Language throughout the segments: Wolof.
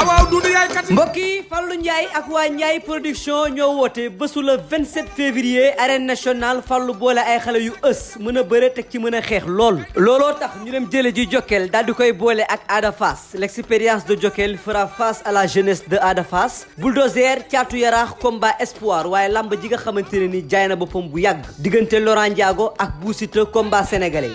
awaaw Doudou Yaay mbokk yi Fallou Ndiaye ak waa Ndiaye production ñoo woote bésu le 27 février arène nationale Fallou boole ay xale yu ës mën a bëre teg ci mën a xeex lool looloo tax ñu dem jële ji Jokkel daal di koy boole ak Ada l'expérience de Jokkel fera face à la jeunesse de adafas Fass bulldozer caatu yaraax combat espoir waaye lamb ji nga xamante ne ni jaay na boppam bu yàgg diggante Laurent Ndiago ak Bou Siteu combat sénégalais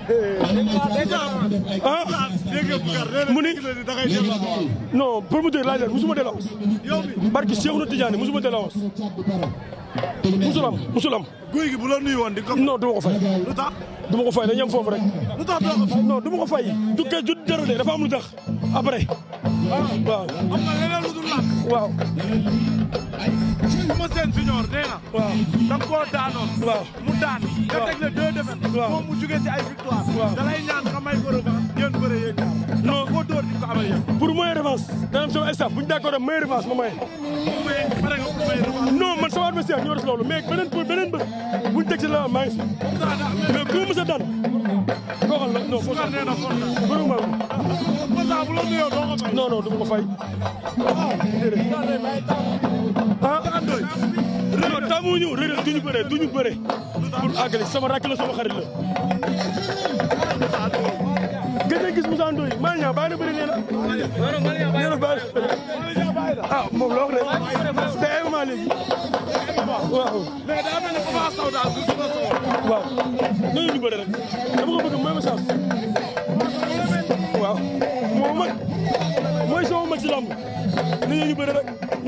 ah mu ni non promoteur laaj leen musuma delaw barki Seexuna Tijaani musuma delaw ma musulam guy gi bu la nuyu woon di ko non du ma ko fay lu tax du ma ko fay dañu am foofu rek lu tax non du ma ko fay du kay jut dara de dafa am lu tax après waaw am nga leneen lu dul lan. waaw. Eumeu Sène Junior nee na. waaw da nga koo daanoon. waaw mu daan. waaw nga teg le deux défaites. waaw moom mu jugee ci ay victoire. waaw da lay ñaan nga may ko revanche ngeen bëre yéen ñaar. non koo dóor di ko amal yéen. pour mooy revanche. dana am sama staff bu ñu d'accord maye revanche ma maye. Papa Cheikh ñoo des loolu mais beneen beneen bët buñ la maa ngi si mais ku a daan la non Forza bëriwu ma Forza bu la nuyoo doo ko fay non non du ma ko fay déedéet ah ñu Reug Reug duñu bëree duñu bëree pour àggali sama rakk la sama xarit la gëj na gis Moussa Ndoye Maliña bàyyi na bëri nee ah, la wax de. te waaw mais daa mel ne Papa Sow daal du ko sow. ma chance. waaw moo mag mooy sama mag ci lamb nañu ñu bëre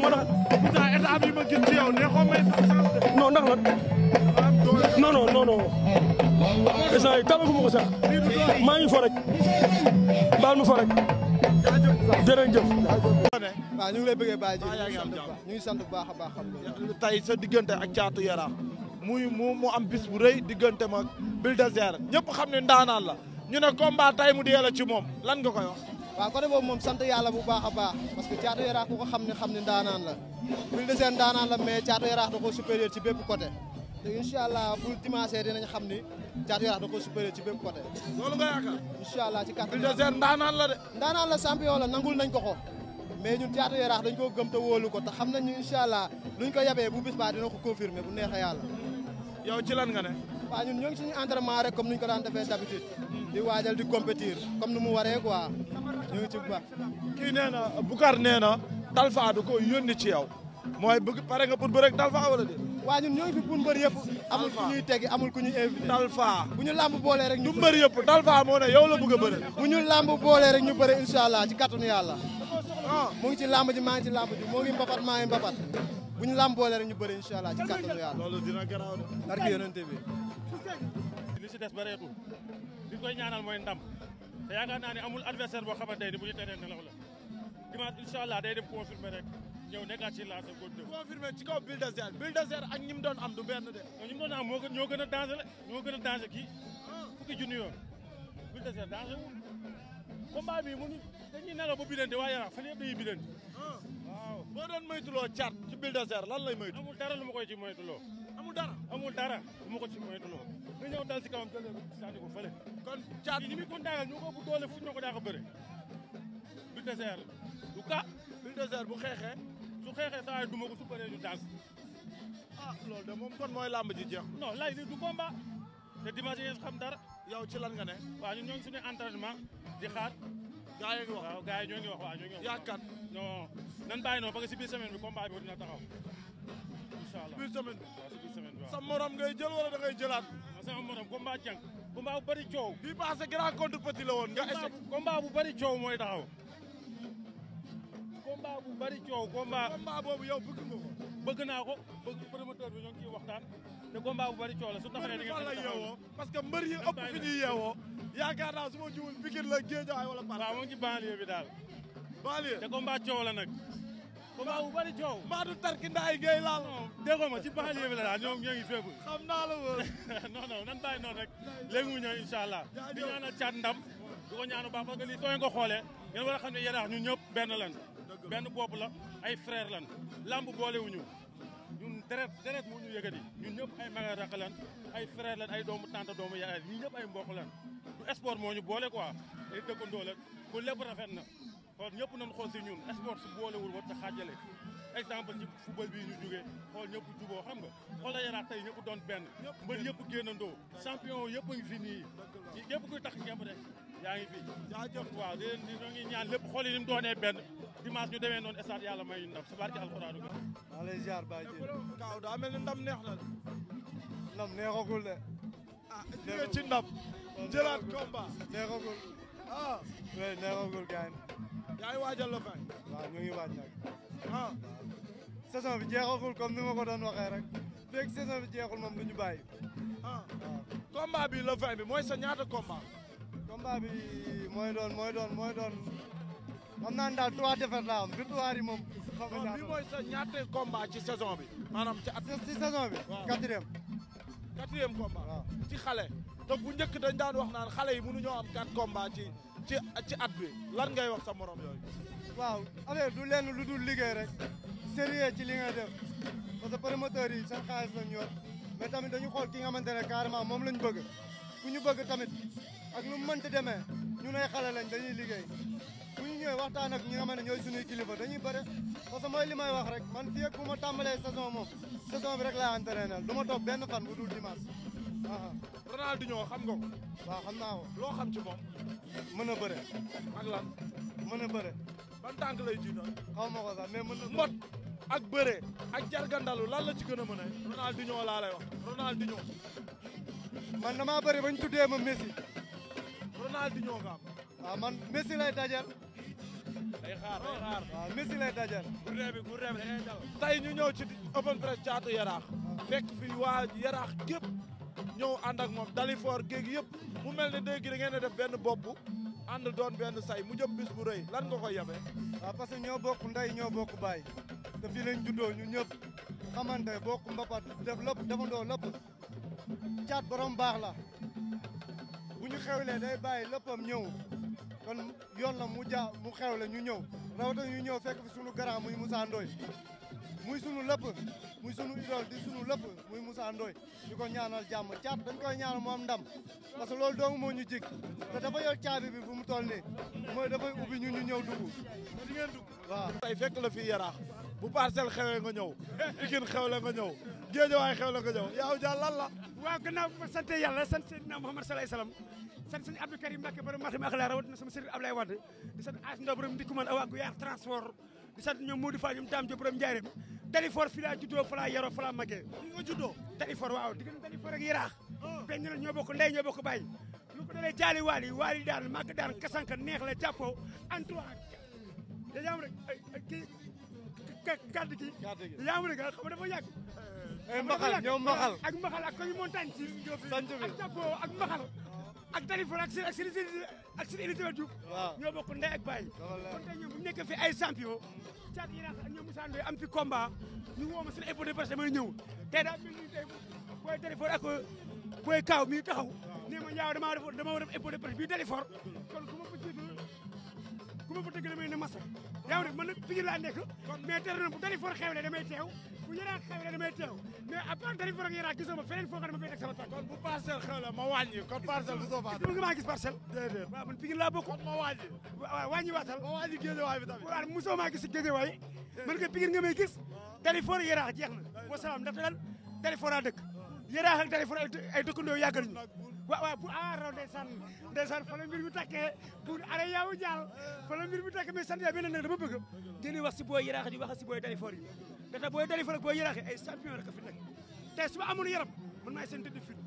moo tax. pourtant état bi ma gis ci yow ne xaw may sax chance de. non baal ma fo rek. jërëjëf. waaw ñu ngi lay bëggee Baye ñu ngi sant bu baax a baax xam nga tey sa diggante a caatu yara muy mu mu am bis bu rëy diggante ma Bulldozer ñëpp xam ne ndaanaan la ñu ne combat tay mu dee la ci moom lan nga koy wax waaw côté boobu moom sant yàlla bu baax a baax parce que caatu yaraax ku ko xam ne xam ne ndaanaan la Bulldozer ndaanaan la mais caatu yaraax da koo supérieur ci bépp côté te incha allah bu dimanche dinañ xam ni caatu yaraax da koo ci bépp côté loolu nga yaakaar allah ci kàttan Bulldozer ndaanaan la de ndaanaan la champion nañ ko ko mais ñun Caatu Yaraax dañ koo gëm te wóolu ko te xam nañ ni incha allah luñ ko yabee bu bis baa dina ko confirmer bu neexee yàlla. yow ci lan nga ne. waaw ñun ñoo ngi suñu entraînement rek comme ni ñu ko daan defee d'habitude di waajal di compétir comme ni mu waree quoi ñu ngi ci bu baax. kii nee na Boucar nee na Talfa du ko yónni ci mooy bëgg pare nga pour bëre ak Talfa wala déet. waa ñun ñoo fi pour mbër amul ku ñuy teggi amul ku ñuy invité. Talfa bu ñu làmb boolee rek. ñu mbër yëpp Talfa moo ne yow la bëgg a bëre. boole rek ñu bëre incha allah ci kàttanu yàlla. ah mu ngi ci làmb ji maa ngi ci làmb ji moo ngi mbapat maa ngi mbapat bu ñu làmb ñu bëri incha allah ci kàttanu yàlla. loolu dina garaaw de. bi. li si des bareetul li koy ñaanal mooy ndam te yaakaar naa ne amul adversaire boo xamante ni bu ñu teree nelaw la dimanche incha allah day dem confirmer rek ñëw nekkaat ci lancé góor ñëw. confirmer ci kaw Bulldozer Bulldozer ak ñi mu doon am du benn de. ñi mu doon am moo gën ñoo gën a danger la a dañuy nelaw ba bidanti waa Yaraax fan yëpp dañuy bidanti. Ah. waaw boo doon moytuloo caat ci Bulldozer lan lay moytu. amul dara lu ma koy ci moytuloo. amul dara amul dara lu ma ko ci moytuloo. nga ñëw dal si kawam jëlee sànni ko fële. kon caat yi ni muy kon daagal ñu ko bu doole fu ñu ko daa ko bëre. Bulldozer du ka. Bulldozer bu xeexee. su xeexee saa yi duma ko su bëree ñu daal. Ah, loolu de moom kon mooy làmb ji jeex. non lay di du combat. te dimanche ngeen xam dara. yow ci lan nga ne. waaw ñun ñoo ngi gaa yi ngi wax waaw gaa yi ñoo nan bàyyi noonu parce que si biir semaine bi combat bi dina taxaw. incha allah si biir jël wala da ngay jëlaat. sama morom combat jàng combat bu coow. bii passé grand contre petit nga échec. combat bu coow mooy taxaw. combat bu coow combat. combat boobu yow bëgg nga ko. bëgg naa waxtaan. te combat bu bari la su taxawee di yeewoo parce que mbër yi ëpp fi ñuy yeewoo yaakaar naa su ma jiwul la Guédiawaye wala Parcelles waaw mu ngi ci banlieue bi daal banlieue te combat coow la nag combat bu bari mbaa du tarki ndaay gay laal déggoo ma ci banlieue la daal ñoom ñoo la ñëw incha allah di ñaanal caat ndam ñaanu baax parce que soo ko xoolee ngeen war a xam ne yéen ñun benn lan benn bopp la ay frère lan lamb boolewuñu ñun deret deret moo ñu yëkkati ñun ñëpp ay mag rakk lan ay frère lan ay doomu tante doomu yaay ñun ñëpp ay mbokk lan du sport moo boole quoi ay dëkkandoo la ku lépp rafet na xool ñëpp nañ xool si ñun sport su boolewul war ta xaajale exemple ci football bii ñu jógee xool ñëpp juboo xam nga yaraat tey ñëpp doon benn mbër yëpp génnandoo champion yëpp a ngi fi nii ñi yëpp kuy tax ngemb rek yaa ngi fi jaajëf waaw di leen ñoo ngi ñaan lépp xool dimanche ñu demee noon stade yàlla may ñu ndam si barke alxuraanu bi. maa lay ziar Baye Kaaw daa mel ni ndam neex na de. ndam neexagul de. ah jóge ci ndam. jëlaat combat neexagul. ah oui neexagul gars yi. yaa ngi waajal la fay. waaw ñu ngi ah. bi jeexagul comme ni ma ko doon waxee rek. fekk saison bi jeexul moom du ñu bàyyi. Ah. bi la fay bi mooy sa ñaata combat. combat bi mooy doon mooy doon mooy doon. naan naa ne daal trois défaites laa am victoire yi moom. xam bi mooy sa ñaata combat ci saison bi. maanaam ci at ci saison bi. waaw quatrième. quatrième combat. waaw ci xale. te bu njëkk dañ daan wax naan xale yi mënuñoo am quatre combat ci ci ci at bi lan ngay wax sa morom yooyu. waaw affaire du lenn lu du liggéey rek. sérieux ci li nga def parce que promoteurs yi seen xaalis lañ yor mais tamit dañu xool ki nga xamante ne carrément moom lañ bëgg ku ñu bëgg tamit ak lu mu mënti demee ñun ay xale lañ dañuy liggéey. ñëwee waxtaan ak ñi nga xam ne ñooy suñuy kilifa dañuy bëre parce que mooy li may wax rek man fii ak bu ma tàmbalee saison moom saison bi rek laay entraîné du ma toog benn fan bu dul dimanche. Ronaldinho xam nga ko. waaw xam naa ko. loo xam ci moom. mën a bëre. ak lan mën a bëre. ban tànk lay jiital. xaw ma ko sax mais mën na. mbot ak bëre ak jargandalu lan la ci gën a mën a. Ronaldinho laa lay wax Ronaldinho. man damaa bëri bañ tuddee ma Messi. Ronaldinho nga am. waaw man Messi lay day xaar day xaar. waaw ah, Messi lay dajal. gurne bi gurne bi da ngay dal. tey ñëw ci open press caatu yaraax. fekk fi waa yaraax gépp ñëw ànd moom Dalifor géeg yëpp mu mel ne dégg da ngeen def benn bopp ànd doon benn say mu jëm bis bu rëy lan nga koy yabee. Ah, parce que ñoo bokk ndey ñoo bokk baay te fii lañ juddoo ñu ñëpp xamante bokk mbapat def lépp defandoo lépp caat borom baax la bu ñu xewlee day bàyyi léppam ñëw. kon yoon la mu jaa mu xew la ñu ñëw rawatina ñu ñëw fekk fi sunu grand muy Moussa Ndoye muy sunu lépp muy sunu idole di sunu lépp muy Moussa Ndoye di ko ñaanal jàmm caat dañ koy ñaanal mu am ndam parce que loolu dong moo ñu jig te dafa yor caabi bi fu mu toll nii mooy dafay ñu ñu ñëw dugg di ngeen la fi yaraax bu parcelle xewee nga ñëw Pikine xew la nga géejawaay xew la ko ñëw yaaw jàll lan la waaw gannaaw bu ma sante yàlla sant Seydina Muhammad sallallahu alayhi wasallam sant sëñ Abdou Karim Mbacké borom matam ak laa rawatina sama sëriñ Ablaye Wade di sant As Ndaw borom ndikku man awa gu yaar transport di sant ñoom Modou Fall ñoom Dame Diop borom Ndiarème Dalifort fii laa juddoo fa laa yaroo fa laa màggee nga juddoo Dalifort waaw diggante Dalifort ak Yaraax oh. benn la ñoo bokk yaam rek kii kàddu yaam rek xam dafa yàgg Eh, mbaxal ñoom mbaxal ak mbaxal ak commune montagne si sanc bi ak jàppo ak mbaxal ak Dalifort ak seen ak seen ak seen ñoo bokk ndey ak baay kon tey ñoom bu fi ay champion caat yi ak ñoom Moussa Ndoye am fi combat ñu woo ma seen impôt de presse damay ñëw tey daa mel ni tey booy Dalifort ak booy Kaaw taxaw nee ma ñaaw dama def dama war a def impôt de presse bii Dalifort kon ku ma ko jiitu ku ma ko dëgg masa yaa ngi man laa nekk mais tere na bu Dalifort xewle damay teew bu yaraax xewle damay teew mais à part Dérick Foro ak yaraax foo xam ma fay teg sama kon bu parcelle xewle ma wàññi kon parcelle bu soo faa. gis laa bokk. kon ma wàññi. waatal. ma wàññi géejewaay bi tamit. waaw mosoo maa gis géejewaay. man kay Pikine jeex na. wa salaam ndax daal Dérick Foro laa dëkk. yaraax ak Dérick Foro ay dëkkandoo waaw waaw pour awaaraw ndeysaan ndeysaan fa la mbir mi takkee pour are yaw jaal fa la mbir mi takkee mais sant yaa benn nag dama bëgg dina wax si booy yaraax di wax si booy dalifoor yi ndaxte booy dalifoor ak booy yaraax ay champion rek a fi nekk tey su ma amoon yaram man maay seen tëdd fil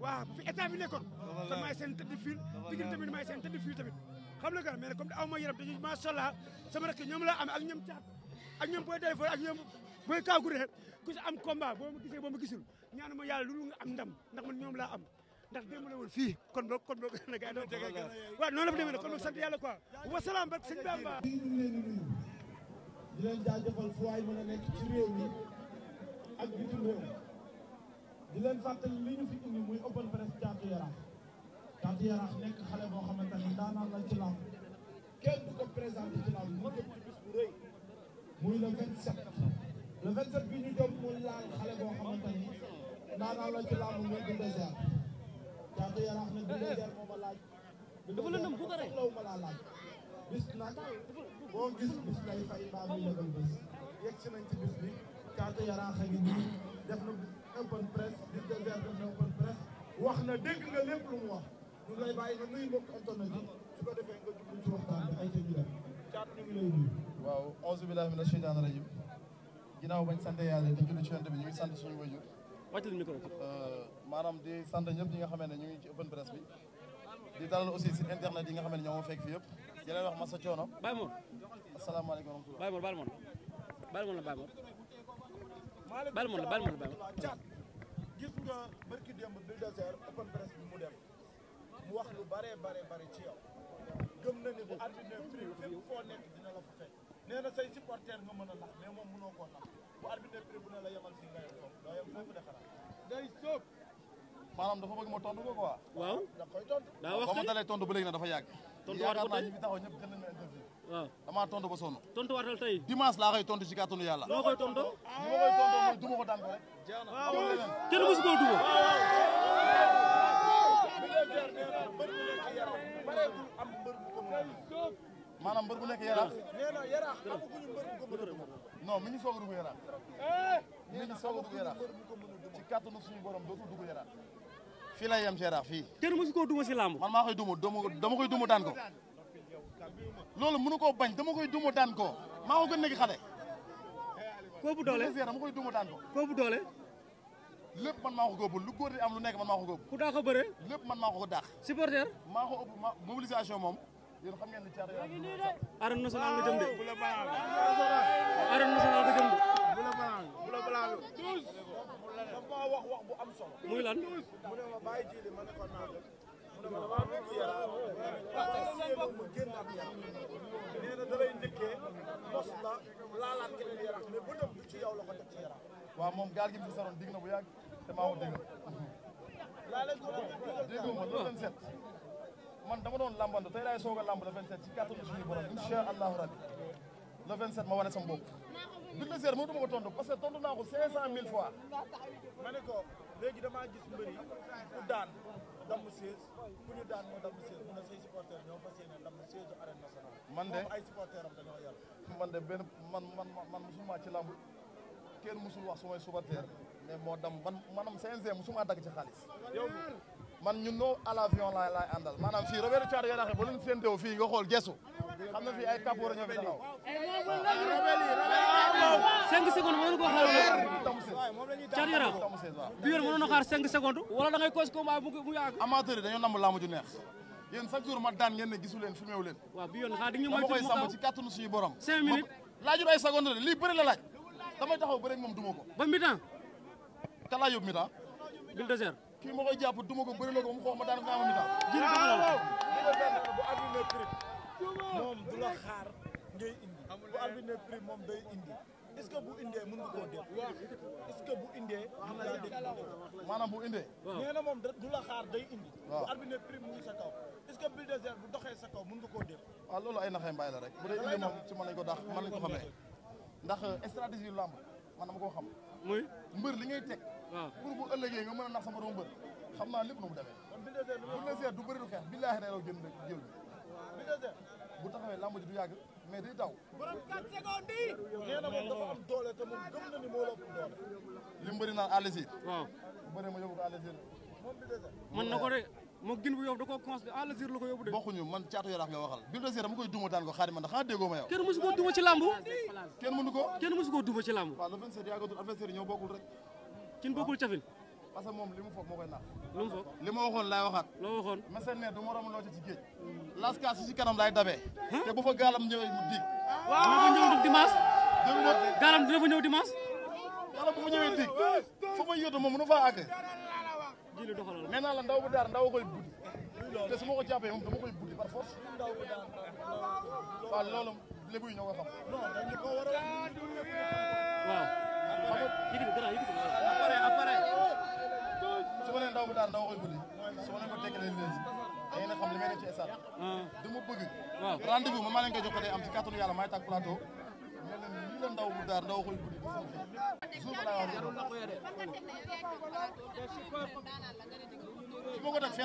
waaw bu fi état bi nekkoon kon maay seen tëdd fil digin tamit ma yaram dañu macha allah sama rek ñoom la am ak ñoom caat ak ñoom booy dalifoor kaagure ku si am combat boo ma gisee ndax ñoom laa am ndax démb la woon fii kon boog kon boog na gars yi doon jege waaw noonu la fa demee nag kon boog sant yàlla quoi wasalaam barke sëñ Bamba di leen nuyu di leen jaajëfal fu waay mën a nekk ci réew mi ak bitim réew di leen fàttali li ñu fi indi muy open press Caatu Yaraax Caatu Yaraax nekk xale boo xamante ne daanaan la ci làmb kenn du ko présenté ci làmb mu jëm ci bis bu rëy muy le 27 le 27 bi ñu jëm mu laal xale boo xamante ni daanaan la ci làmb muy du désert dafa lëndëm ku ko rey bis nag boo gis bis lay fay mbaa muy yëgal bis yegg si nañ ci bis bi carte yaraax a ngi nii def na open press di désert def na open press wax na dégg nga lépp lu mu wax ñu lay bàyyi nga nuyu mbokk internet yi su ko defee nga jublu ci waxtaan bi ay ca ñu dem caat ñu ngi lay nuyu waaw auzu billahi mina sheytaani rajim ginnaaw bañ sant yàlla di julli ci yonent bi ñu ngi sant suñu wajur wàcc lu micro maanaam di sant ñëpp ñi nga xam ne ñu ngi ci open press bi di dalal aussi site internet yi nga xam ne ñoo ma fekk fi yëpp di leen wax masa coono Baye Mor asalaamaaleykum wa rahmatulah Baye Mor Baye Mor Baye Mor la Baye Mor Baye Mor la Baye Mor la Baye Mor gis nga barki démb Bulldozer open press bi mu dem mu wax lu bare bare bare ci yow gëm na ni bu arbitre bi fépp foo nekk dina la fa fekk nee na say supporter nga mën a nax mais moom mënoo koo nax bu arbitre bi bu ne la yemal si nga yem foofu doo yem foofu de xanaa day sóob maanaam dafa bëgg ma tontu ko quoi. waaw dafa yàgg. tontu waat ko tey yaakaar naa ñu fi taxaw ñëpp jël nañu interview. waaw damaa tontu ba sonn. tontu waatal tey. dimanche laa koy tontu ci kàttanu yàlla. tontu. li ma koy tontu mooy fii lay yem Gérard fii. kenn mësu koo duma si làmb. man maa koy duma dama koy duma daan ko. loolu mënu koo bañ dama koy duma daan ko maa gën nekk xale. koo bu doole dama koy duma daan ko. koo bu doole. lépp man maa ko lu góor am lu nekk man maa ko ku daa ko bëre. lépp man maa ko ko daax. supporter. maa ëpp mobilisation moom. yéen xam ngeen ne caa la ñu naan. arène nationale nga jëm de. arène nationale nga jëm maa wax wax bu am solo. muy lan. mu ne ma bàyyi jiili ma ne ko naa def. mu ne ma damaa bëgg yaram. waaw mu génn ak yaram. nee na da lay njëkkee mos la laalaat keneen yaram mais bu dem du ci yow la ko def ci yaram. waaw moom gaal gi mu saroon dig na bu yàgg te maa ngi dégg. laa leen ko déggoo ma loolu leen set. man dama doon lambando tey laay soog a lamb le 27 ci kàttanu suñu borom incha allahu rabbi le 27 ma wane sama bopp. bulldozer moo dama ko tontu parce que tontu naa ko cinq cent mille fois ma ne ko léegi damaa gis mbëri ku daan damm siège ku ñu daan moo damm siège mu ne say supporters ñoo fas yéene damm man de ay supporters am man de benn man man man musuma ci lamb kenn musul wax sumay supporters mais moo dam man manam cinq cent musuma dagg ci xaalis man ñun no à l'avion la laay àndal maanaam fii Robert Thiat yoo xam ne ba leen seen teew fii nga xool gesu xam na fii ay kapoor ñoo fi taxaw. cinq secondes mënoon koo xaar. Thiat Yarakh bi yéen mënoon a xaar cinq secondes. wala da ngay cause combat mu yàgg. amateur yi dañoo namb laamu ju neex. yéen chaque jour ma daan ngeen ne gisu leen filmé wu leen. waa bi yoon xaar di ñu moytu mu xaw dama koy sàmm ci kàttanu suñu la laaj. taxaw bëri moom duma ko. ba mi temps. ka laa mi temps. kii ma koy jàpp duma ko bëri la ko mu xoox ma daan ko am mi tax jël ko bu arbitre prix moom xaar ngay indi bu arbitre moom day indi est que bu indee mën nga koo def est-ce que bu indee mën laa dégg maanaam bu indee nee na moom du la xaar day indi bu arbitre prix mu ngi sa kaw est-ce bu doxee sa kaw mën nga koo def waaw ah, loolu ay naxee mbay la rek bu dee indi moom ci mën lañ ko dàq mën lañ ko xamee ndax euh, stratégie lamb man dama koo xam muy mbër li ngay teg. waaw pour bu ëllëgee nga mën a nax sa borom mbër xam naa lépp nu mu demee. bu du bëri du xeex billaahi day raw jënd jël bu taxawee lamb ji du yàgg mais di taw borom 4 secondes yi. nee na moom dafa doole te gëm na ni moo la ëpp doole. li mu bëri naan Alésir. ma yóbbu ko Alésir. mën na ko de. moo gin bu yow da koo constaté à l'azur la ko de. bokkuñu man caatu yaraax nga waxal bil désir dama koy duma daan ko xaari man da xanaa déggoo ma kenn mësu koo ci làmb. kenn mënu kenn mësu koo ci làmb. waaw le 27 yaa ko dul adversaire ñoo bokkul rek. kin bokkul ah. cafin. parce que moom li mu foog li ma waxoon laay waxaat. loo waxoon mercenaire du ma romb loo ci géej. laskaas si ci kanam laay dabee. te bu fa gaalam ñëwee mu dig. waaw dina fa ñëw gaalam jëlee doxalal la. ndaw bu daar ndaw koy buddi. te su ma ko jàppee moom koy buddi par force. waaw loolu lébu yi ñoo xam. waaw. ndaw bu daar ndaw koy buddi. su ma nee ko tekkalee léegi. da ngeen a xam li ngay def ci stade. Ah. du ma maa leen koy jox am ci kàttanu yàlla may tàgg plateau. la ndaw bu daar ndaw xoy guddi di suuf laa wax yarul ko yore su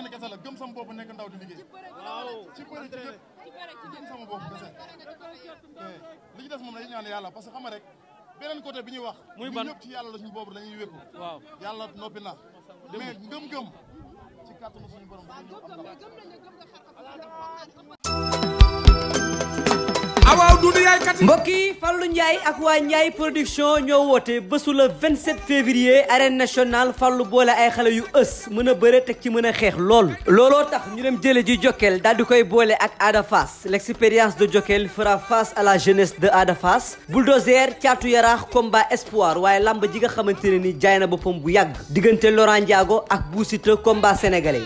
ma kese la gëm sama bopp nekk ndaw di liggéey ci bëri gëm sama bopp kese li ci des moom dañuy ñaan yàlla parce que xam rek beneen côté bi ñuy wax muy ban ñëpp ci yàlla la suñu boobu dañuy wékku waaw yàlla noppi na mais ngëm-ngëm ci kàttanu suñu borom awaaw ah, Doudou Yaye mbokk yi Fallou Ndiaye ak waa Ndiaye production ñoo woote bésu le 27 février arène nationale Fallou boole ay xale yu ës mën a bëre teg ci mën a xeex lool. looloo tax ñu dem jële ji Jokal daal di koy boole ak Ada Fass de Jokal fera face à la jeunesse de adafas Fass. bulldozer caatu yaraax combat espoir waaye lamb ji nga xamante ne ni jaay na boppam bu yàgg diggante Laurent Ndiago ak Bou Siteu combat sénégalais.